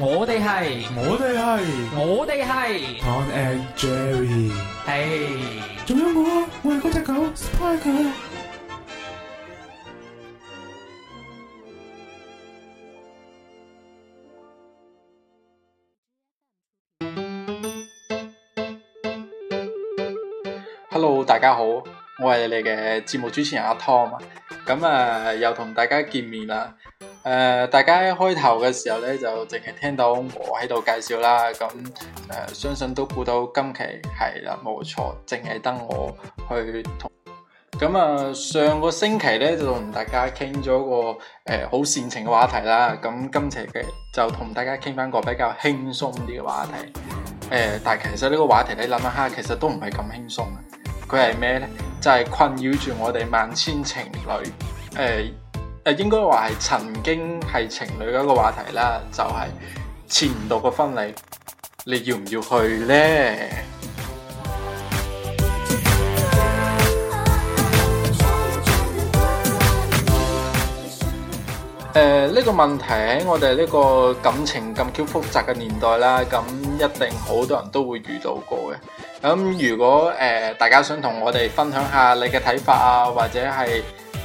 我哋係，我哋係，我哋係。Tom and Jerry，係。仲有我，我係嗰隻狗，Spike。Hello，大家好，我係你哋嘅節目主持人阿 Tom 啊，咁啊又同大家見面啦。誒、呃，大家開頭嘅時候咧就淨係聽到我喺度介紹啦，咁誒、呃、相信都估到今期係啦，冇錯，淨係等我去同。咁啊、呃，上個星期咧就同大家傾咗個誒好煽情嘅話題啦，咁今期嘅就同大家傾翻個比較輕鬆啲嘅話題。誒、呃，但係其實呢個話題你諗一下，其實都唔係咁輕鬆啊。佢係咩咧？就係、是、困擾住我哋萬千情侶。誒、呃。誒，應該話係曾經係情侶嘅一個話題啦，就係前度嘅婚禮，你要唔要去呢？誒，呢個問題喺我哋呢個感情咁 Q 複雜嘅年代啦，咁一定好多人都會遇到過嘅。咁如果誒，大家想同我哋分享下你嘅睇法啊，或者係。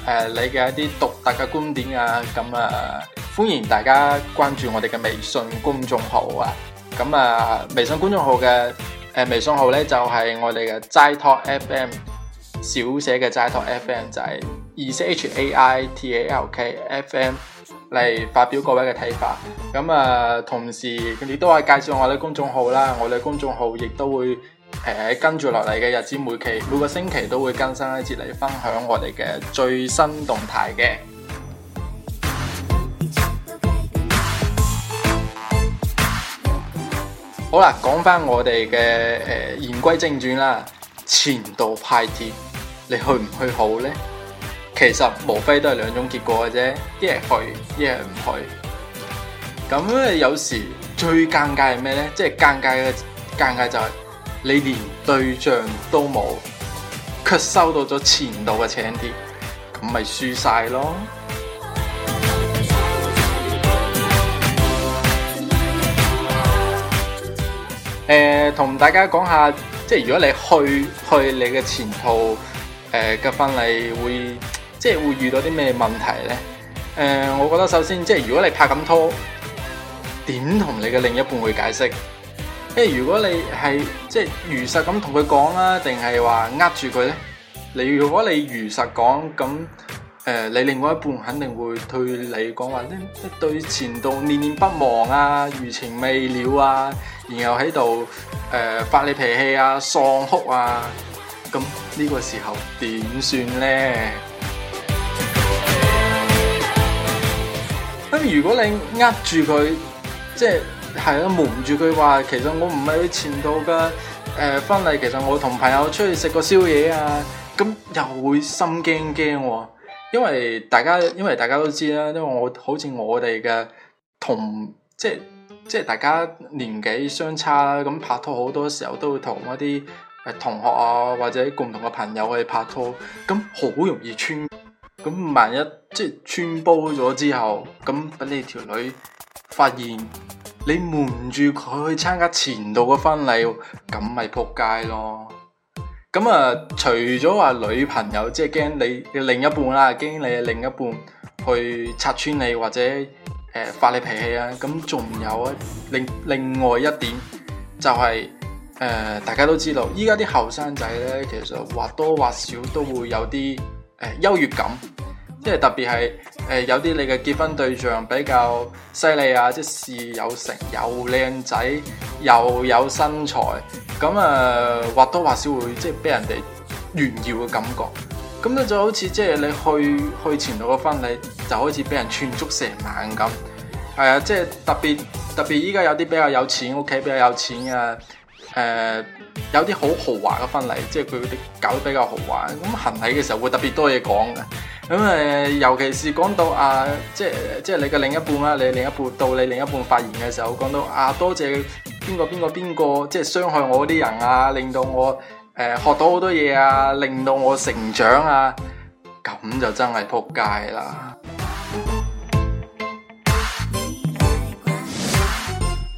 誒、啊，你嘅一啲獨特嘅觀點啊，咁啊，歡迎大家關注我哋嘅微信公眾號啊，咁啊，微信公眾號嘅誒、啊，微信號咧就係、是、我哋嘅齋托 FM，小寫嘅齋托 FM 就係 Z H A I T A L K F M 嚟發表各位嘅睇法，咁啊，同時亦都係介紹我哋公眾號啦，我哋公眾號亦都會。誒跟住落嚟嘅日子，每期每個星期都會更新一次嚟分享我哋嘅最新動態嘅。好啦，講返我哋嘅誒，言歸正傳啦。前度派帖，你去唔去好咧？其實無非都係兩種結果嘅啫，一係去，一係唔去。咁咧，有時最尷尬係咩咧？即係尷尬嘅尷尬就係、是。你連對象都冇，卻收到咗前度嘅請帖，咁咪輸晒咯？誒，同、 呃、大家講下，即係如果你去去你嘅前度誒嘅婚禮會，會即係會遇到啲咩問題咧？誒、呃，我覺得首先即係如果你拍緊拖，點同你嘅另一半會解釋？即係如果你係即係如實咁同佢講啊，定係話呃住佢呢？你如果你如實講咁，誒、呃，你另外一半肯定會對你講話，對前度念念不忘啊，餘情未了啊，然後喺度誒發你脾氣啊，喪哭啊，咁呢個時候點算呢？咁 如果你呃住佢，即係。係啊，瞞住佢話，其實我唔係去前度嘅，誒、呃，婚禮，其實我同朋友出去食個宵夜啊，咁又會心驚驚、哦。因為大家，因為大家都知啦，因為我好似我哋嘅同即係即係大家年紀相差啦，咁拍拖好多時候都會同一啲誒同學啊或者共同嘅朋友去拍拖，咁好容易穿。咁萬一即係穿煲咗之後，咁俾你條女發現。你瞞住佢去參加前度嘅婚禮，咁咪扑街咯！咁啊，除咗話女朋友，即係驚你嘅另一半啦，驚你嘅另一半去拆穿你，或者誒、呃、發你脾氣啊！咁仲有啊，另另外一點就係、是、誒、呃，大家都知道，依家啲後生仔咧，其實或多或少都會有啲誒優越感。即係特別係誒，有啲你嘅結婚對象比較犀利啊，即係事有成，又靚仔，又有身材，咁啊，或多或少會即係俾人哋炫耀嘅感覺。咁咧就好似即係你去去前度個婚禮，就開始俾人串足成晚咁。係啊，即係特別特別，依家有啲比較有錢屋企，家比較有錢嘅。誒、呃，有啲好豪華嘅婚禮，即係佢哋搞得比較豪華。咁行禮嘅時候會特別多嘢講嘅。咁誒、呃，尤其是講到啊，即係即係你嘅另一半啊，你另一半到你另一半發言嘅時候，講到啊，多謝邊個邊個邊個，即係傷害我啲人啊，令到我誒、呃、學到好多嘢啊，令到我成長啊，咁就真係撲街啦。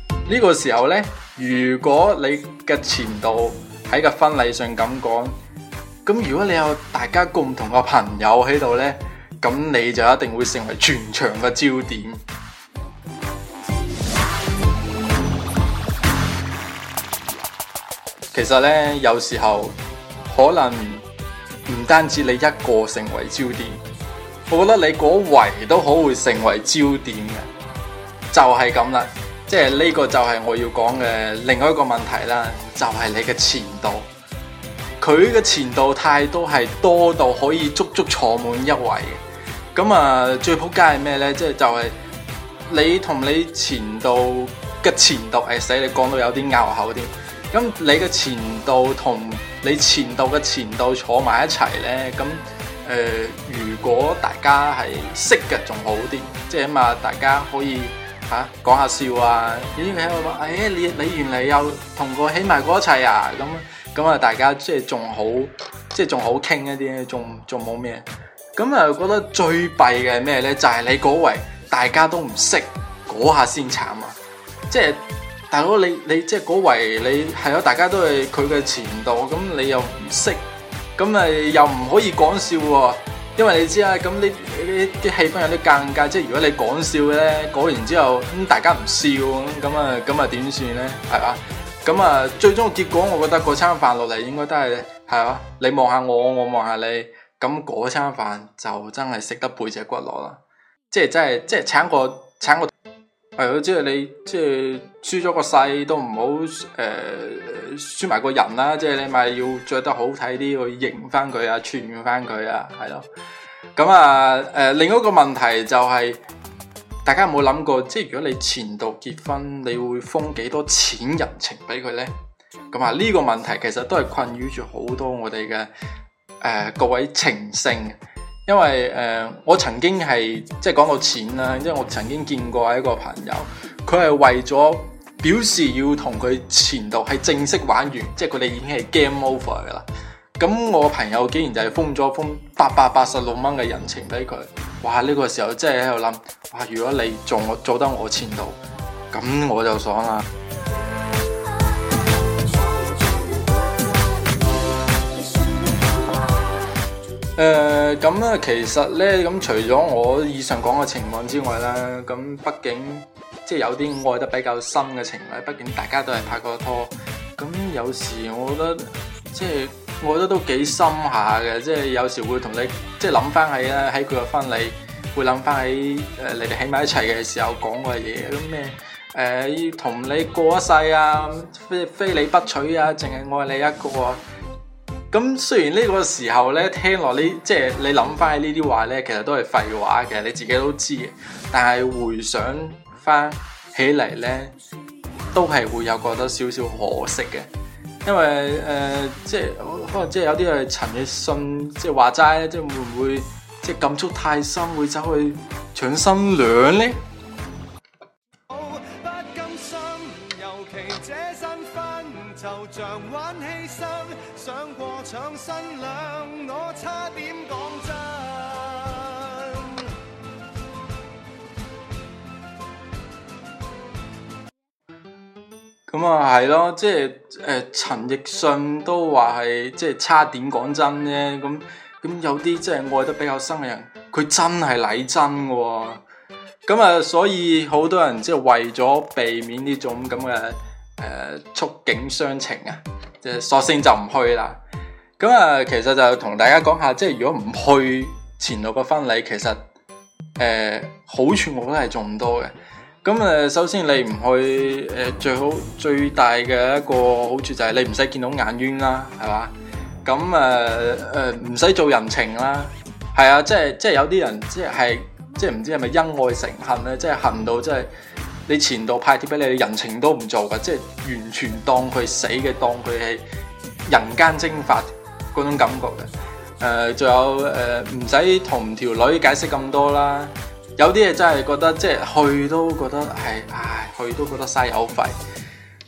呢、 呢個時候呢。如果你嘅前度喺個婚禮上咁講，咁如果你有大家共同嘅朋友喺度呢，咁你就一定會成為全場嘅焦點。其實呢，有時候可能唔單止你一個成為焦點，我覺得你嗰圍都好會成為焦點嘅，就係咁啦。即係呢個就係我要講嘅另外一個問題啦，就係、是、你嘅前度，佢嘅前度太多，係多到可以足足坐滿一位嘅。咁啊，最撲街係咩呢？即係就係、是、你同你前度嘅前度，誒、哎，使你講到有啲拗口啲。咁你嘅前度同你前度嘅前度坐埋一齊呢？咁誒、呃，如果大家係識嘅仲好啲，即係起碼大家可以。吓、啊，講下笑啊！咦，佢話誒，你你原嚟又同個起埋嗰一齊啊？咁咁啊，大家即係仲好，即係仲好傾一啲，仲仲冇咩？咁啊，覺得最弊嘅係咩咧？就係、是、你嗰圍大家都唔識，嗰下先慘啊！即、就、係、是、大佬，你你即係嗰圍你係咯，大家都係佢嘅前度，咁你又唔識，咁咪又唔可以講笑喎、啊。因為你知啊，咁呢啲啲氣氛有啲尷尬，即係如果你講笑咧，講完之後咁大家唔笑咁咁啊，咁啊點算咧？係啊咁啊，最終嘅結果我覺得嗰餐飯落嚟應該都係係啊！你望下我，我望下你，咁嗰餐飯就真係食得背脊骨落啦，即係真係即係請個請個。係、嗯、咯，即係你即係輸咗個世都唔好誒，輸、呃、埋個人啦，即係你咪要着得好睇啲去型翻佢啊，串翻佢啊，係咯。咁啊，誒、呃，另一個問題就係、是，大家有冇諗過，即係如果你前度結婚，你會封幾多錢人情俾佢咧？咁啊，呢個問題其實都係困擾住好多我哋嘅誒各位情聖。因為誒、呃，我曾經係即係講到錢啦，因為我曾經見過一個朋友，佢係為咗表示要同佢前度係正式玩完，即係佢哋已經係 game over 啦。咁我朋友竟然就係封咗封八百八十六蚊嘅人情俾佢，哇！呢個時候真係喺度諗，哇！如果你做我做得我前度，咁我就爽啦。啊呃咁咧，其實咧，咁除咗我以上講嘅情況之外咧，咁畢竟即係有啲愛得比較深嘅情侶，畢竟大家都係拍過拖，咁有時我覺得即係我覺得都幾深下嘅，即係有時會同你即係諗翻起啊，喺佢嘅婚禮，會諗翻起誒、呃、你哋喺埋一齊嘅時候講嘅嘢，咁咩誒要同你過一世啊，非非你不娶啊，淨係愛你一個。咁雖然呢個時候咧，聽落呢即係你諗翻呢啲話咧，其實都係廢話嘅，你自己都知嘅。但係回想翻起嚟咧，都係會有覺得少少可惜嘅，因為誒、呃、即係可能即係有啲係陳奕迅即係話齋咧，即係會唔會即係感觸太深，會走去搶新娘咧？我差點講真，咁啊，係咯，即係誒，陳奕迅都話係即係差點講真啫。咁咁有啲即係愛得比較深嘅人，佢真係禮真嘅。咁啊，所以好多人即係為咗避免呢種咁嘅誒觸景傷情啊，即係索性就唔去啦。咁啊，其實就同大家講下，即係如果唔去前度嘅婚禮，其實誒好處我覺得係仲多嘅。咁誒，首先你唔去誒，最好最大嘅一個好處就係你唔使見到眼冤啦，係嘛？咁誒誒，唔使做人情啦。係啊，即係即係有啲人即係即係唔知係咪恩愛成恨咧，即係恨到即係你前度派帖俾你，你人情都唔做噶，即係完全當佢死嘅，當佢係人間蒸發。嗰種感覺嘅，誒、呃，仲有誒，唔使同條女解釋咁多啦。有啲嘢真係覺得，即係去都覺得係，唉，去都覺得嘥油費。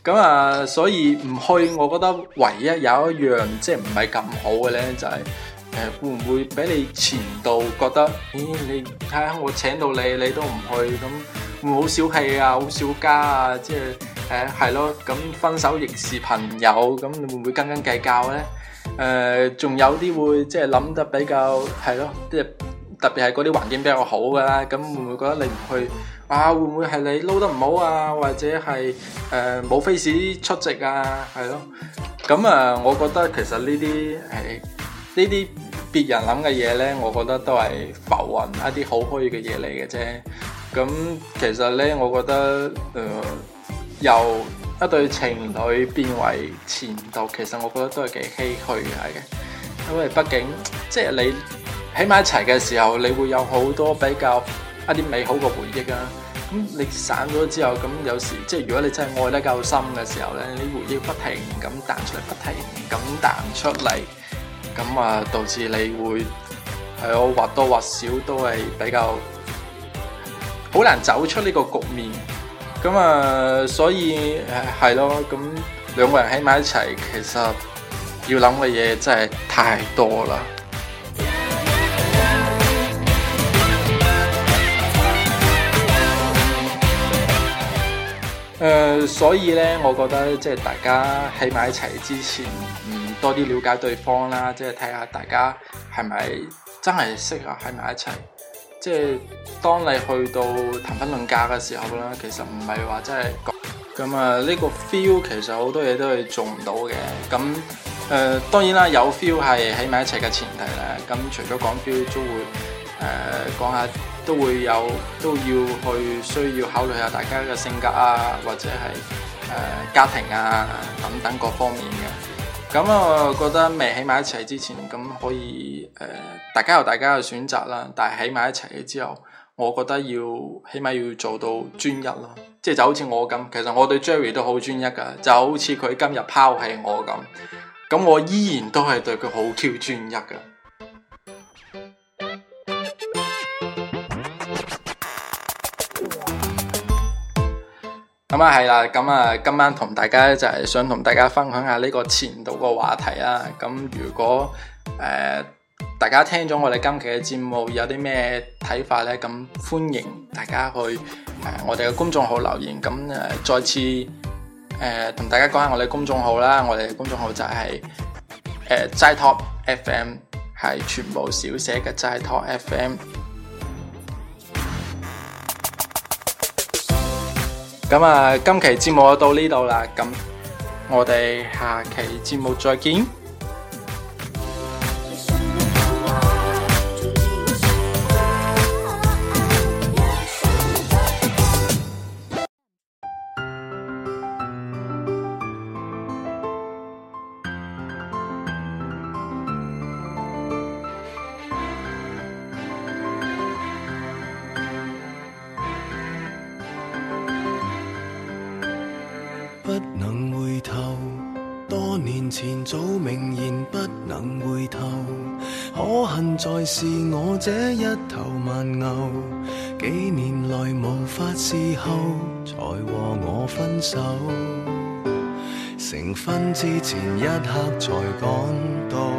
咁、嗯、啊，所以唔去，我覺得唯一有一樣即係唔係咁好嘅咧，就係、是、誒、就是呃、會唔會俾你前度覺得，咦、欸，你睇下我請到你，你都唔去，咁會，會好小氣啊，好小家啊，即係誒係咯。咁、呃、分手亦是朋友，咁你會唔會斤斤計較咧？誒，仲有啲會即係諗得比較係咯，即係特別係嗰啲環境比較好嘅啦，咁會唔會覺得你唔去啊？會唔會係你撈得唔好啊？或者係誒冇 face 出席啊？係咯，咁啊，我覺得其實呢啲係呢啲別人諗嘅嘢咧，我覺得都係浮雲，一啲好虛嘅嘢嚟嘅啫。咁其實咧，我覺得誒又。一對情侶變為前度，其實我覺得都係幾唏噓嘅，係嘅。因為畢竟，即係你喺埋一齊嘅時候，你會有好多比較一啲美好嘅回憶啊。咁你散咗之後，咁有時即係如果你真係愛得夠深嘅時候咧，你回憶不停咁彈出嚟，不停咁彈出嚟，咁啊導致你會係我或多或少都係比較好難走出呢個局面。咁啊，所以係咯，咁兩個人喺埋一齊，其實要諗嘅嘢真係太多啦。誒、 呃，所以咧，我覺得即係、就是、大家喺埋一齊之前，嗯，多啲了解對方啦，即係睇下大家係咪真係適合喺埋一齊。即係當你去到談婚論嫁嘅時候啦，其實唔係話真係講咁啊！呢、這個 feel 其實好多嘢都係做唔到嘅。咁誒、呃、當然啦，有 feel 係喺埋一齊嘅前提啦。咁除咗講 feel，都會誒講、呃、下，都會有都要去需要考慮下大家嘅性格啊，或者係誒、呃、家庭啊等等各方面嘅。咁我覺得未喺埋一齊之前，咁可以誒、呃，大家有大家嘅選擇啦。但係喺埋一齊嘅之後，我覺得要起碼要做到專一啦。即、就、係、是、就好似我咁，其實我對 Jerry 都好專一噶，就好似佢今日拋棄我咁，咁我依然都係對佢好 Q 專一噶。咁啊係啦，咁啊今晚同大家就係想同大家分享下呢個前度個話題啦。咁如果誒、呃、大家聽咗我哋今期嘅節目有啲咩睇法呢？咁歡迎大家去、呃、我哋嘅公眾號留言。咁誒、呃、再次誒同、呃、大家講下我哋公眾號啦，我哋嘅公眾號就係、是、誒齋、呃、top FM 係全部小寫嘅齋 top FM。咁啊，今期節目就到呢度啦，咁我哋下期節目再見。前早明言不能回頭，可恨在是我這一頭蠻牛，幾年來無法侍候，才和我分手。成婚之前一刻才講到，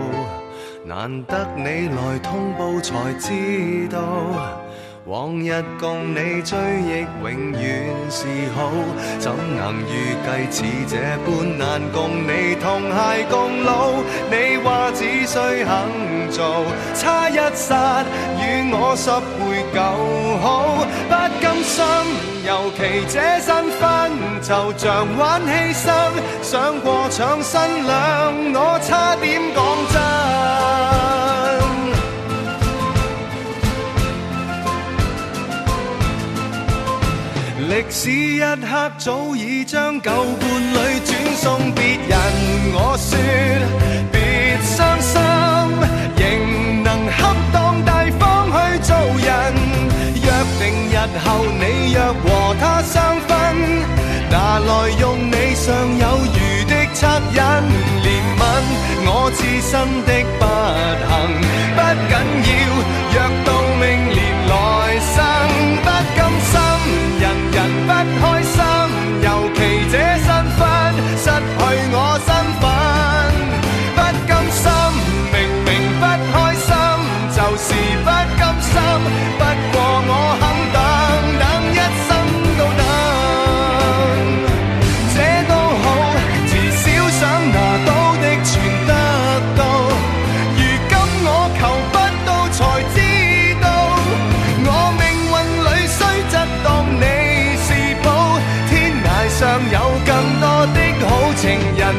難得你來通報才知道。往日共你追憶，永遠是好。怎能預計似這般難共你同偕共老？你話只需肯做，差一剎與我十倍夠好。不甘心，尤其這身份就像玩犧牲，想過搶新娘，我差點講真。歷史一刻，早已將舊伴侶轉送別人。我說別傷心，仍能恰當大方去做人。約定日後，你若和他相分，拿來用你尚有餘的惻隱憐憫，我自身的不幸不緊要。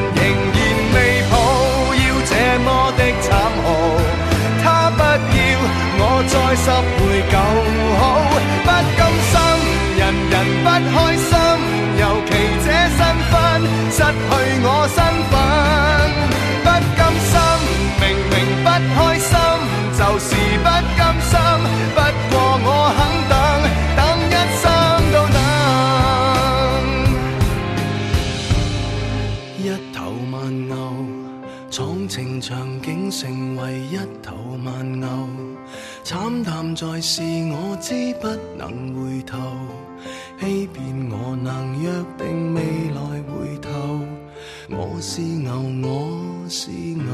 仍然未抱，要這麼的慘酷，他不要我再拾回舊好，不甘心，人人不開心，尤其這身份，失去我身份。闖情場竟成為一頭蠻牛，慘淡在是我知不能回頭，欺騙我能約定未來回頭，我是牛，我是牛。